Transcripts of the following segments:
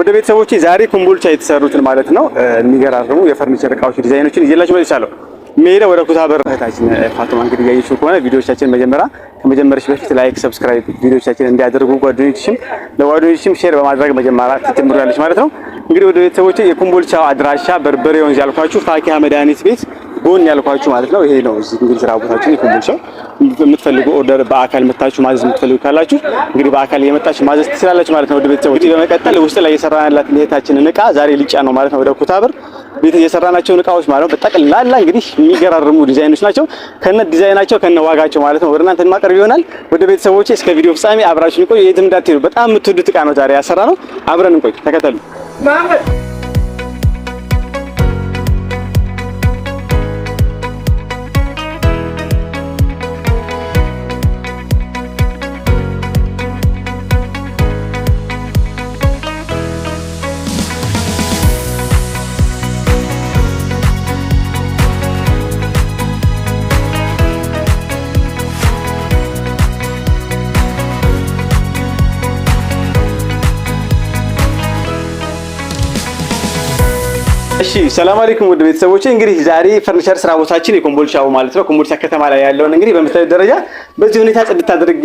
ወደ ቤተሰቦች ዛሬ ኮምቦልቻ የተሰሩትን ማለት ነው የሚገራርሙ የፈርኒቸር እቃዎች ዲዛይኖችን ይዤላችሁ መጥቻለሁ። ሜዳ ወደ ኩታበር እህታችን ፋቶማ እንግዲህ እያየችሁ ከሆነ ቪዲዮቻችን መጀመሪያ ከመጀመርሽ በፊት ላይክ፣ ሰብስክራይብ ቪዲዮቻችን እንዲያደርጉ ጓደኞችሽም ለጓደኞችሽም ሼር በማድረግ መጀመሪያ ትጀምሩ ያለች ማለት ነው። እንግዲህ ወደ ቤተሰቦች የኮምቦልቻ አድራሻ በርበሬ ወንዝ ያልኳችሁ ፋኪያ መድኃኒት ቤት ጎን ያልኳችሁ ማለት ነው። ይሄ ነው እዚህ እንግዲህ ስራ ቦታችን የኮምቦልቻው። የምትፈልጉ ኦርደር በአካል መታችሁ ማዘዝ የምትፈልጉ ካላችሁ እንግዲህ በአካል የመጣችሁ ማዘዝ ትችላላችሁ ማለት ነው። ወደ ቤተሰቦች በመቀጠል ውስጥ ላይ የሰራናላትን እህታችንን እቃ ዛሬ ሊጫ ነው ማለት ነው ወደ ኩታብር ቤት የሰራናቸውን እቃዎች ማለት ነው። በጠቅላላ እንግዲህ የሚገራርሙ ዲዛይኖች ናቸው ከነ ዲዛይናቸው ከነ ዋጋቸው ማለት ነው ወደ እናንተ ማቅረብ ይሆናል። ወደ ቤተሰቦቼ እስከ ቪዲዮ ፍጻሜ አብራችሁ ቆዩ። የትም እንዳትሄዱ። በጣም የምትወዱት እቃ ነው ዛሬ ያሰራ ነው። አብረን እንቆይ፣ ተከተሉ። እሺ ሰላም አለይኩም ውድ ቤተሰቦቼ፣ እንግዲህ ዛሬ ፈርኒቸር ስራ ቦታችን የኮምቦልቻው ማለት ነው ኮምቦልቻ ከተማ ላይ ያለውን እንግዲህ በምታዩት ደረጃ በዚህ ሁኔታ ጽድት አድርጌ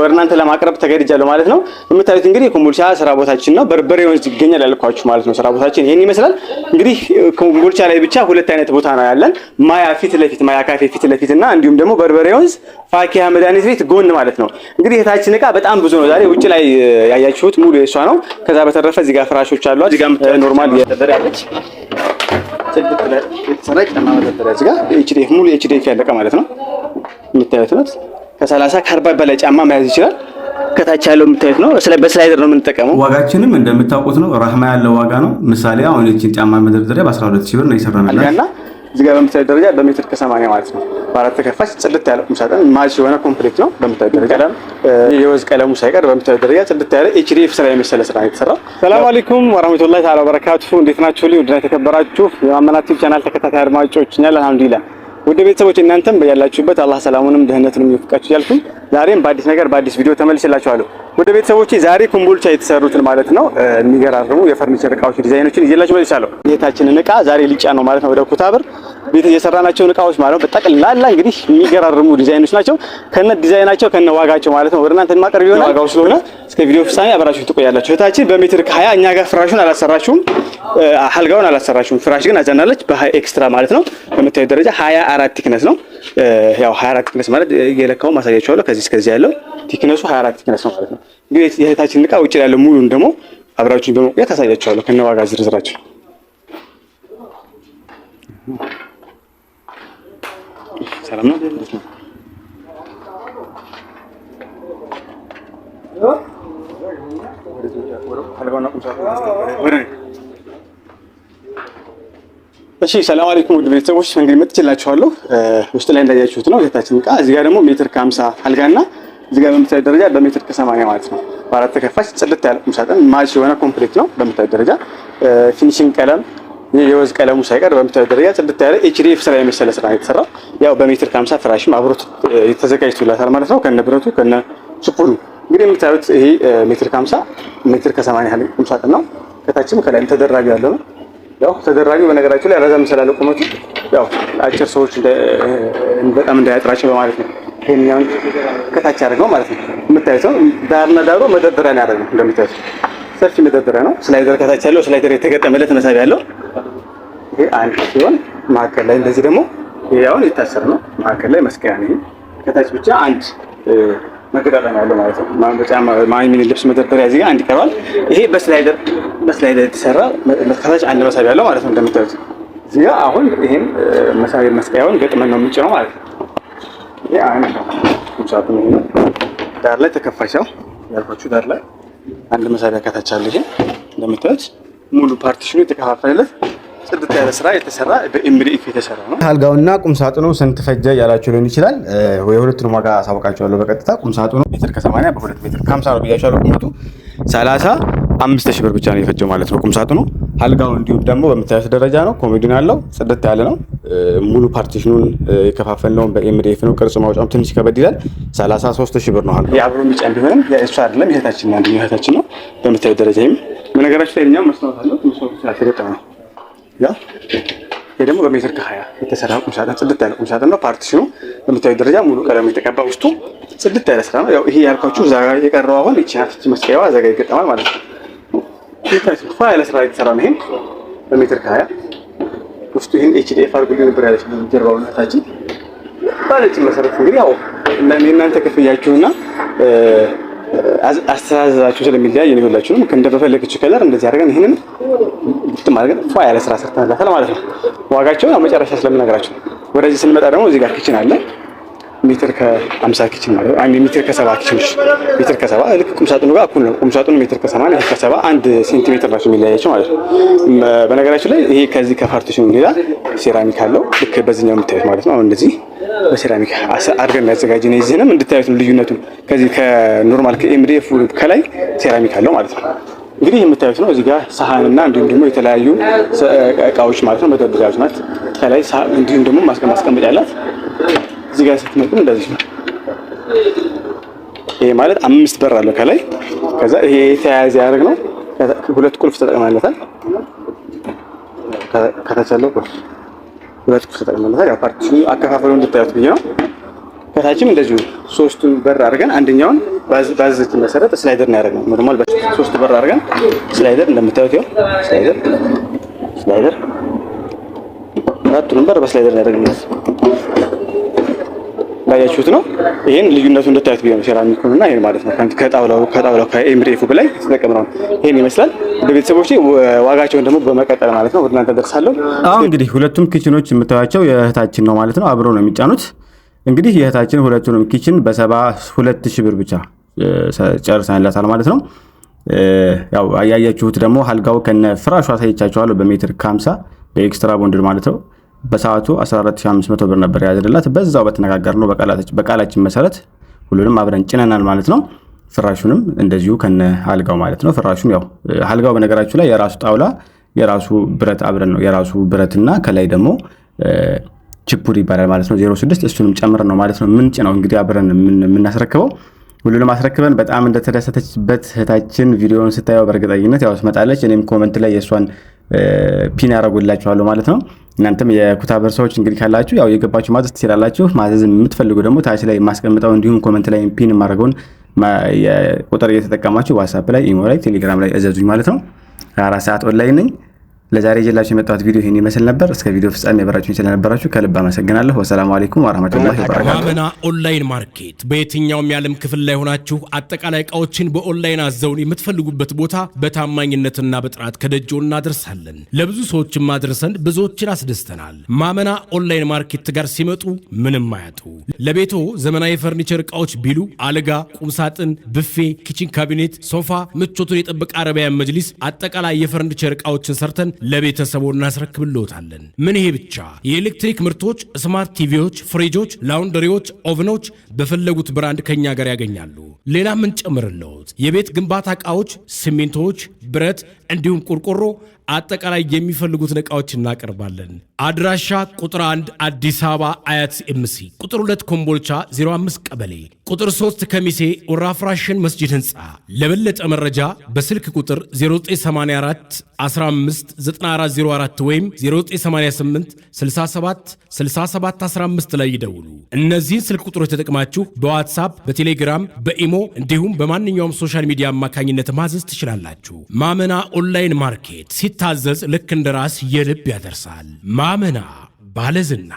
ወደ እናንተ ለማቅረብ ተገድጃለሁ ማለት ነው። የምታዩት እንግዲህ የኮምቦልቻ ስራ ቦታችን ነው። በርበሬ ወንዝ ይገኛል ያልኳችሁ ማለት ነው። ስራ ቦታችን ይሄን ይመስላል። እንግዲህ ኮምቦልቻ ላይ ብቻ ሁለት አይነት ቦታ ነው ያለን፣ ማያ ፊት ለፊት ማያ ካፌ ፊት ለፊት እና እንዲሁም ደግሞ በርበሬ ወንዝ ፋኪያ መድኃኒት ቤት ጎን ማለት ነው። እንግዲህ የታችን እቃ በጣም ብዙ ነው። ዛሬ ውጭ ላይ ያያችሁት ሙሉ የሷ ነው። ከዛ በተረፈ እዚህ ጋር ፍራሾች አሉ እዚህ ጋር ኖርማል ያለች ጽድት ብላ የተሰራ ጫማ መደርደሪያ እዚህ ጋር ኤችዲኤፍ ሙሉ ኤችዲኤፍ ያለቀ ማለት ነው። የምታዩት ናት። 30 በላይ ጫማ መያዝ ይችላል። ከታች ያለው የምታዩት ነው። በስላይደር ነው የምንጠቀመው። ዋጋችንም እንደምታውቁት ነው። ራህማ ያለው ዋጋ ነው። ምሳሌ አሁን ይህችን ጫማ መደርደሪያ በ12 ሺህ ብር ነው የሰራንላት እዚህ ጋር በምታዩት ደረጃ በሜትር ከሰማንያ ማለት ነው። በአራት ተከፋች ጽድት ያለ ቁም ማች የሆነ ኮምፕሌት ነው። በምታዩት ደረጃ የወዝ ቀለሙ ሳይቀር በምታዩት ደረጃ ጽድት ያለ ኤችዲኤፍ ስራ የመሰለ ስራ የተሰራው ሰላም አለይኩም ወራህመቱላሂ ተዓላ ወበረካቱ። እንዴት ናችሁ? ልዩ ድና የተከበራችሁ የማመና ቻናል ተከታታይ አድማጮች እኛል አልሐምዱሊላህ። ወደ ቤተሰቦች እናንተም በያላችሁበት አላህ ሰላሙንም ድህነቱንም ይፍቃችሁ እያልኩኝ ዛሬም በአዲስ ነገር በአዲስ ቪዲዮ ተመልሼላችኋለሁ። ወደ ቤተሰቦቼ ዛሬ ኮምቦልቻ የተሰሩትን ማለት ነው የሚገራርሙ የፈርኒቸር እቃዎች ዲዛይኖችን ይዤላችሁ መጥቻለሁ። የታችንን እቃ ዛሬ ሊጫ ነው ማለት ነው ወደ ኩታብር ቤት የሰራናቸውን እቃዎች ማለት ነው በጠቅላላ እንግዲህ የሚገራርሙ ዲዛይኖች ናቸው። ከነ ዲዛይናቸው ከነ ዋጋቸው ማለት ነው ወደ እናንተ ማቀርብ ይሆናል። ዋጋው ስለሆነ እስከ ቪዲዮ ፍጻሜ አብራችሁ ትቆያላችሁ። እህታችን በሜትር ከሀያ እኛ ጋር ፍራሹን አላሰራችሁም፣ አልጋውን አላሰራችሁም። ፍራሽ ግን አዘናለች በሀያ ኤክስትራ ማለት ነው። በምታዩት ደረጃ ሀያ አራት ቲክነስ ነው። ያው ሀያ አራት ቲክነስ ማለት የለካው ማሳያችኋለሁ። ከዚህ እስከዚህ ያለው ቲክነሱ ሀያ አራት ቲክነስ ነው ማለት ነው። እንግዲህ የእህታችንን እቃ ውጭ ያለ ሙሉን ደግሞ አብራችሁን በመቆየት አሳያችኋለሁ ከነዋጋ ዝርዝራችሁ። ሰላም ነው። እሺ ሰላም አለይኩም ውድ ቤተሰቦች፣ እንግዲህ መጥቼላችኋለሁ። ውስጥ ላይ እንዳያችሁት ነው የእህታችን እቃ። እዚህ ጋር ደግሞ ሜትር ከሀምሳ አልጋና እዚህ ጋር በምታዩት ደረጃ በሜትር ከሰማንያ ማለት ነው። በአራት ተከፋች ጽድት ያለ ቁምሳጥን ማች የሆነ ኮምፕሌት ነው። በምታዩት ደረጃ ፊኒሽንግ ቀለም የወዝ ቀለሙ ሳይቀር በምታዩት ደረጃ ጽድት ያለ ኤችዲኤፍ ስራ የመሰለ ስራ የተሰራ ያው በሜትር ከሀምሳ ፍራሽም አብሮት ተዘጋጅቶላታል ማለት ነው። ከነ ብረቱ ከነ ሱፑሉ እንግዲህ የምታዩት ይሄ ሜትር ከሀምሳ ሜትር ከሰማንያ ያህል ቁምሳጥን ነው። ከታችም ከላይም ተደራጊ ያለው ነው። ያው ተደራጊ በነገራችን ላይ ረዘም ስላለ ቁመቱ ያው አጭር ሰዎች በጣም እንዳያጥራቸው በማለት ነው ይሄኛውን ከታች አድርገው ማለት ነው። የምታዩት ነው ዳርና ዳሩ መደርደሪያ ነው ያደረገው። እንደምታዩት ሰፊ መደርደሪያ ነው። ስላይደር ከታች ያለው ስላይደር የተገጠመለት መሳቢያ ያለው ይሄ አንድ ሲሆን መሀከል ላይ እንደዚህ ደግሞ ይሄውን የታሰረ ነው። መሀከል ላይ መስቀያ ነው። ከታች ብቻ አንድ መገዳደሪያ ያለው ማለት ነው። ማምጫ ምን ልብስ መደርደሪያ እዚህ አንድ ይቀርባል። ይሄ በስላይደር በስላይደር የተሰራ ከታች አንድ መሳቢያ ያለው ማለት ነው። እንደምታዩት እዚህ አሁን ይሄን መሳቢያ መስቀያውን ገጥመን ነው የምንጭነው ማለት ነው። ዳር ላይ ተከፋይ ሰው ያልኳችሁ ዳር ላይ አንድ መሳቢያ ከታች አለ። ይሄ እንደምታዩት ሙሉ ፓርቲሽኑ የተከፋፈለለት ጽድት ያለ ስራ የተሰራ በኤምዲኤፍ የተሰራ ነው። አልጋውና ቁምሳጥኑ ስንት ፈጀ ያላችሁ ሊሆን ይችላል። የሁለቱንም ዋጋ አሳውቃችኋለሁ በቀጥታ ሳጥኑ ሜትር በ2 ሜትር ከ50 ነው ብያችኋለሁ። ቁመቱ ሰላሳ ሺህ ብር ብቻ ነው የፈጀው ማለት ነው ሳጥኑ። አልጋው እንዲሁም ደግሞ በምታዩት ደረጃ ነው። ኮሜዲን አለው ጽድት ያለ ነው። ሙሉ ፓርቲሽኑን የከፋፈልነውን በኤምዲኤፍ ነው። ቅርጽ ማውጫም ትንሽ ከበድ ይላል። 33 ሺህ ብር ነው። አለ። የአብሮ ቢጫ ቢሆንም እሱ አይደለም እህታችን አንድ እህታችን ነው በምታዩ ደረጃ። ይህም በነገራችን ላይ ኛም መስታወት አለው ተገጠመ ነው። ይህ ደግሞ በሜትር ከሀያ የተሰራ ቁምሳጥን ጽድት ያለ ቁምሳጥን ነው። ፓርቲሽኑ በምታዩ ደረጃ ሙሉ ቀለም የተቀባ ውስጡ ጽድት ያለ ስራ ነው። ያው ይሄ ያልኳችሁ እዛ ጋር የቀረው አሁን ቺናቶች መስቀያዋ እዛ ጋር ይገጠማል ማለት ነው። ፋ ያለ ስራ የተሰራ ነው። ይሄም በሜትር ከሀያ ውስጡ ይህን ኤች ዲ ኤፍ አድርጉልኝ ነበር ያለች ጀርባውን እህታችን ባለችን መሰረት እንግዲህ ያው እናንተ ክፍያችሁና አስተዛዘዛችሁ ስለሚለያይ ነው። ሁላችሁንም እንደፈለገችው ከለር እንደዚህ አድርገን ይሄንን ብትም አድርገን ፏ ያለ ስራ ሰርተንላታል ማለት ነው። ዋጋቸውን መጨረሻ ስለምነግራችሁ ወደዚህ ስንመጣ ደግሞ እዚህ ጋር ክችን አለ። ሜትር ከ50 ኪችን ነው። አይ ሜትር ከ70 ኪችን ሜትር ከ70 ልክ ቁምሳጥኑ ጋር እኩል ነው። ቁምሳጥኑ ሜትር ከ80 ሜትር ከ70 አንድ ሴንቲሜትር ናቸው የሚለያቸው ማለት ነው። በነገራችን ላይ ይሄ ከዚህ ከፓርቲሽኑ ሌላ ሴራሚክ አለው። ልክ በዚህኛው የምታዩት ማለት ነው። አሁን እንደዚህ በሴራሚክ አድርገን ያዘጋጀ ነው። እንድታዩት ልዩነቱ። ከዚህ ከኖርማል ከኤምዲኤፍ ከላይ ሴራሚክ አለው ማለት ነው። እንግዲህ የምታዩት ነው። እዚህ ጋር ሳህንና እንዲሁም ደግሞ የተለያዩ እቃዎች ማለት ነው መደርደሪያዎች ናት። ከላይ እንዲሁም ደግሞ ማስቀመጫ ያላት እዚህ ጋር ስትመጡ እንደዚህ ነው። ይሄ ማለት አምስት በር አለው ከላይ። ከዛ ይሄ የተያያዘ ያደርግ ነው። ሁለት ቁልፍ ተጠቅመለታል። ከታች ያለው ቁልፍ ሁለት ቁልፍ ተጠቅመለታል። ያው ፓርቲሽኑ አከፋፈሉ እንድታዩት ብዬ ነው። ከታችም እንደዚሁ ሶስቱን በር አድርገን አንደኛውን ባዘች መሰረት ስላይደር ነው ያደረግነው። ኖርማል ሶስት በር አድርገን ስላይደር እንደምታዩት ይኸው ስላይደር ስላይደር አራቱንም በር በስላይደር ነው ያደረግነው። ባያችሁት ነው። ይሄን ልዩነቱ እንድታዩት ቢሆን ሴራሚኩን እና ይሄን ማለት ነው። ከጣውላው ከጣውላው ከኤምዲኤፍ በላይ ተጠቀምነው ይሄን ይመስላል። ቤተሰቦች ዋጋቸውን ደግሞ በመቀጠል ማለት ነው ወደ እናንተ ደርሳለሁ። አሁን እንግዲህ ሁለቱም ኪችኖች የምታዩቸው የእህታችን ነው ማለት ነው። አብረው ነው የሚጫኑት። እንግዲህ የእህታችን ሁለቱንም ኪችን በሰባ ሁለት ሺህ ብር ብቻ ጨርሰንላታል ማለት ነው። ያው ያያችሁት ደግሞ አልጋው ከነ ፍራሹ አሳይቻችኋለሁ በሜትር ከሀምሳ በኤክስትራ ቦንድድ ማለት ነው በሰዓቱ 14500 ብር ነበር ያዝንላት። በዛው በተነጋገርነው በቃላችን መሰረት ሁሉንም አብረን ጭነናል ማለት ነው። ፍራሹንም እንደዚሁ ከነ አልጋው ማለት ነው። ፍራሹም ያው አልጋው በነገራችሁ ላይ የራሱ ጣውላ የራሱ ብረት አብረን ነው የራሱ ብረትና ከላይ ደግሞ ችፑድ ይባላል ማለት ነው። 06 እሱንም ጨምረን ነው ማለት ነው ምን ጭነው እንግዲህ አብረን የምናስረክበው ሁሉንም አስረክበን በጣም እንደተደሰተችበት እህታችን ቪዲዮውን ስታየው በእርግጠኝነት ያው ትመጣለች። እኔም ኮመንት ላይ የእሷን ፒን ያደረጉላችኋለሁ ማለት ነው። እናንተም የኩታበር ሰዎች እንግዲህ ካላችሁ ያው የገባችሁ ማዘዝ ትችላላችሁ። ማዘዝ የምትፈልጉ ደግሞ ታች ላይ ማስቀምጠው እንዲሁም ኮመንት ላይ ፒን የማደርገውን ቁጥር እየተጠቀማችሁ ዋትሳፕ ላይ፣ ኢሞ ላይ፣ ቴሌግራም ላይ እዘዙኝ ማለት ነው። አራት ሰዓት ኦንላይን ነኝ። ለዛሬ ይዤላችሁ የመጣሁት ቪዲዮ ይህን ይመስል ነበር። እስከ ቪዲዮ ፍጻሜ አብራችሁኝ ስለነበራችሁ ከልብ አመሰግናለሁ። ወሰላሙ አለይኩም ወራህመቱላሂ ወበረካቱ። ዋመና ኦንላይን ማርኬት በየትኛውም የዓለም ክፍል ላይ ሆናችሁ አጠቃላይ እቃዎችን በኦንላይን አዘውን የምትፈልጉበት ቦታ በታማኝነትና በጥራት ከደጅዎ እናደርሳለን። ለብዙ ሰዎችም ማድረሰን ብዙዎችን አስደስተናል። ማመና ኦንላይን ማርኬት ጋር ሲመጡ ምንም አያጡ። ለቤቶ ዘመናዊ የፈርኒቸር እቃዎች ቢሉ አልጋ፣ ቁምሳጥን፣ ብፌ፣ ኪችን ካቢኔት፣ ሶፋ፣ ምቾቱን የጠበቀ አረቢያን መጅሊስ፣ አጠቃላይ የፈርኒቸር እቃዎችን ሰርተን ለቤተሰቡ እናስረክብልዎታለን። ምን ይሄ ብቻ! የኤሌክትሪክ ምርቶች፣ ስማርት ቲቪዎች፣ ፍሪጆች፣ ላውንደሪዎች፣ ኦቭኖች በፈለጉት ብራንድ ከኛ ጋር ያገኛሉ። ሌላ ምን ጨምርልዎት? የቤት ግንባታ ዕቃዎች፣ ሲሚንቶዎች፣ ብረት እንዲሁም ቆርቆሮ አጠቃላይ የሚፈልጉትን እቃዎች እናቀርባለን። አድራሻ ቁጥር 1 አዲስ አበባ አያት ኤምሲ፣ ቁጥር 2 ኮምቦልቻ 05 ቀበሌ፣ ቁጥር 3 ከሚሴ ወራፍራሽን መስጂድ ህንፃ። ለበለጠ መረጃ በስልክ ቁጥር 0984 15 9404 ወይም 0988 67 67 15 ላይ ይደውሉ። እነዚህን ስልክ ቁጥሮች ተጠቅማችሁ በዋትሳፕ በቴሌግራም በኢሞ እንዲሁም በማንኛውም ሶሻል ሚዲያ አማካኝነት ማዘዝ ትችላላችሁ። ማመና ኦንላይን ማርኬት ሲታዘዝ ልክ እንደ ራስ የልብ ያደርሳል። ማመና ባለዝና